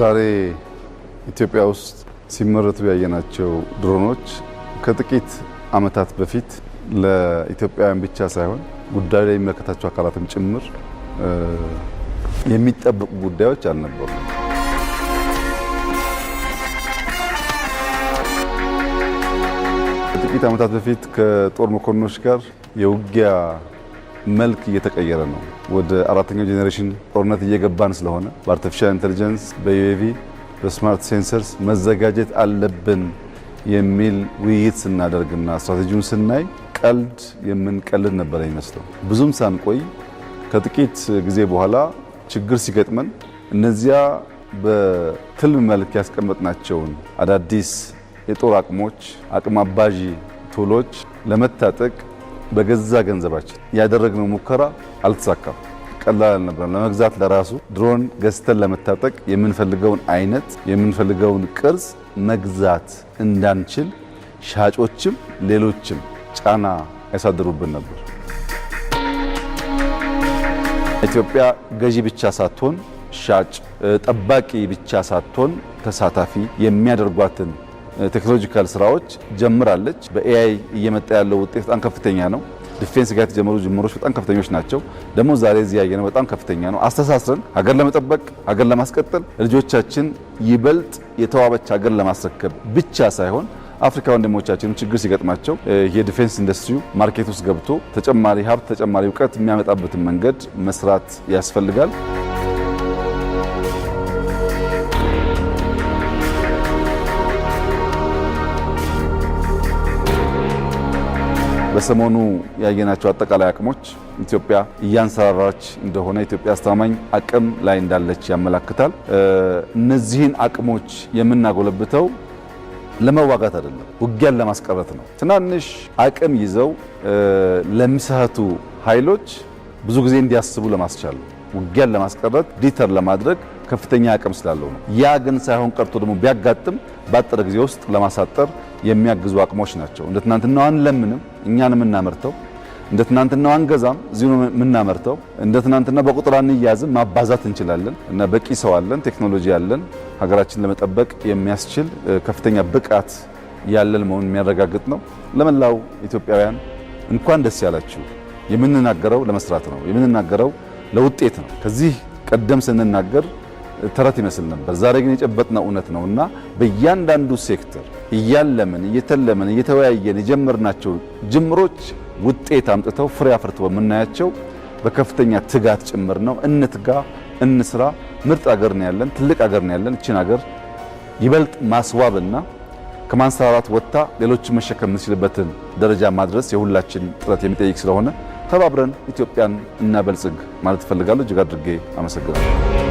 ዛሬ ኢትዮጵያ ውስጥ ሲመረቱ ያየናቸው ድሮኖች ከጥቂት ዓመታት በፊት ለኢትዮጵያውያን ብቻ ሳይሆን ጉዳዩ ላይ የሚመለከታቸው አካላትም ጭምር የሚጠበቁ ጉዳዮች አልነበሩም። ከጥቂት ዓመታት በፊት ከጦር መኮንኖች ጋር የውጊያ መልክ እየተቀየረ ነው። ወደ አራተኛው ጄኔሬሽን ጦርነት እየገባን ስለሆነ በአርቲፊሻል ኢንቴሊጀንስ፣ በዩኤቪ፣ በስማርት ሴንሰርስ መዘጋጀት አለብን የሚል ውይይት ስናደርግና ስትራቴጂውን ስናይ ቀልድ የምንቀልድ ነበር የሚመስለው። ብዙም ሳንቆይ ከጥቂት ጊዜ በኋላ ችግር ሲገጥመን እነዚያ በትልም መልክ ያስቀመጥናቸውን አዳዲስ የጦር አቅሞች አቅም አባዢ ቱሎች ለመታጠቅ በገዛ ገንዘባችን ያደረግነው ሙከራ አልተሳካም። ቀላል አልነበረም። ለመግዛት ለራሱ ድሮን ገዝተን ለመታጠቅ የምንፈልገውን አይነት የምንፈልገውን ቅርጽ መግዛት እንዳንችል ሻጮችም ሌሎችም ጫና ያሳድሩብን ነበር። ኢትዮጵያ ገዢ ብቻ ሳትሆን ሻጭ፣ ጠባቂ ብቻ ሳትሆን ተሳታፊ የሚያደርጓትን ቴክኖሎጂካል ስራዎች ጀምራለች። በኤአይ እየመጣ ያለው ውጤት በጣም ከፍተኛ ነው። ዲፌንስ ጋር የተጀመሩ ጅምሮች በጣም ከፍተኞች ናቸው። ደግሞ ዛሬ እዚህ ያየነው በጣም ከፍተኛ ነው። አስተሳስረን ሀገር ለመጠበቅ ሀገር ለማስቀጠል ልጆቻችን ይበልጥ የተዋበች ሀገር ለማስረከብ ብቻ ሳይሆን አፍሪካ ወንድሞቻችን ችግር ሲገጥማቸው የዲፌንስ ኢንዱስትሪው ማርኬት ውስጥ ገብቶ ተጨማሪ ሀብት ተጨማሪ እውቀት የሚያመጣበትን መንገድ መስራት ያስፈልጋል። በሰሞኑ ያየናቸው አጠቃላይ አቅሞች ኢትዮጵያ እያንሰራራች እንደሆነ ኢትዮጵያ አስተማማኝ አቅም ላይ እንዳለች ያመላክታል። እነዚህን አቅሞች የምናጎለብተው ለመዋጋት አይደለም፣ ውጊያን ለማስቀረት ነው። ትናንሽ አቅም ይዘው ለሚሳቱ ኃይሎች ብዙ ጊዜ እንዲያስቡ ለማስቻል ውጊያን ለማስቀረት ዲተር ለማድረግ ከፍተኛ አቅም ስላለው ነው። ያ ግን ሳይሆን ቀርቶ ደግሞ ቢያጋጥም በአጠረ ጊዜ ውስጥ ለማሳጠር የሚያግዙ አቅሞች ናቸው። እንደ ትናንትናው አንለምንም፣ እኛን የምናመርተው እንደ ትናንትናው አንገዛም፣ እዚሁ ነው የምናመርተው። እንደ ትናንትና በቁጥር አንያዝም፣ ማባዛት እንችላለን እና በቂ ሰው አለን፣ ቴክኖሎጂ አለን። ሀገራችን ለመጠበቅ የሚያስችል ከፍተኛ ብቃት ያለን መሆኑን የሚያረጋግጥ ነው። ለመላው ኢትዮጵያውያን እንኳን ደስ ያላችሁ። የምንናገረው ለመስራት ነው፣ የምንናገረው ለውጤት ነው። ከዚህ ቀደም ስንናገር ተረት ይመስል ነበር። ዛሬ ግን የጨበጥነው እውነት ነው እና በእያንዳንዱ ሴክተር እያለምን እየተለመን እየተወያየን የጀመርናቸው ጅምሮች ውጤት አምጥተው ፍሬ አፍርተው በምናያቸው በከፍተኛ ትጋት ጭምር ነው። እንትጋ፣ እንስራ። ምርጥ አገር ነው ያለን፣ ትልቅ አገር ነው ያለን። እችን አገር ይበልጥ ማስዋብና ከማንሰራራት ወጥታ ሌሎችን መሸከም የምንችልበትን ደረጃ ማድረስ የሁላችን ጥረት የሚጠይቅ ስለሆነ ተባብረን ኢትዮጵያን እናበልጽግ ማለት እፈልጋለሁ። እጅግ አድርጌ አመሰግናለሁ።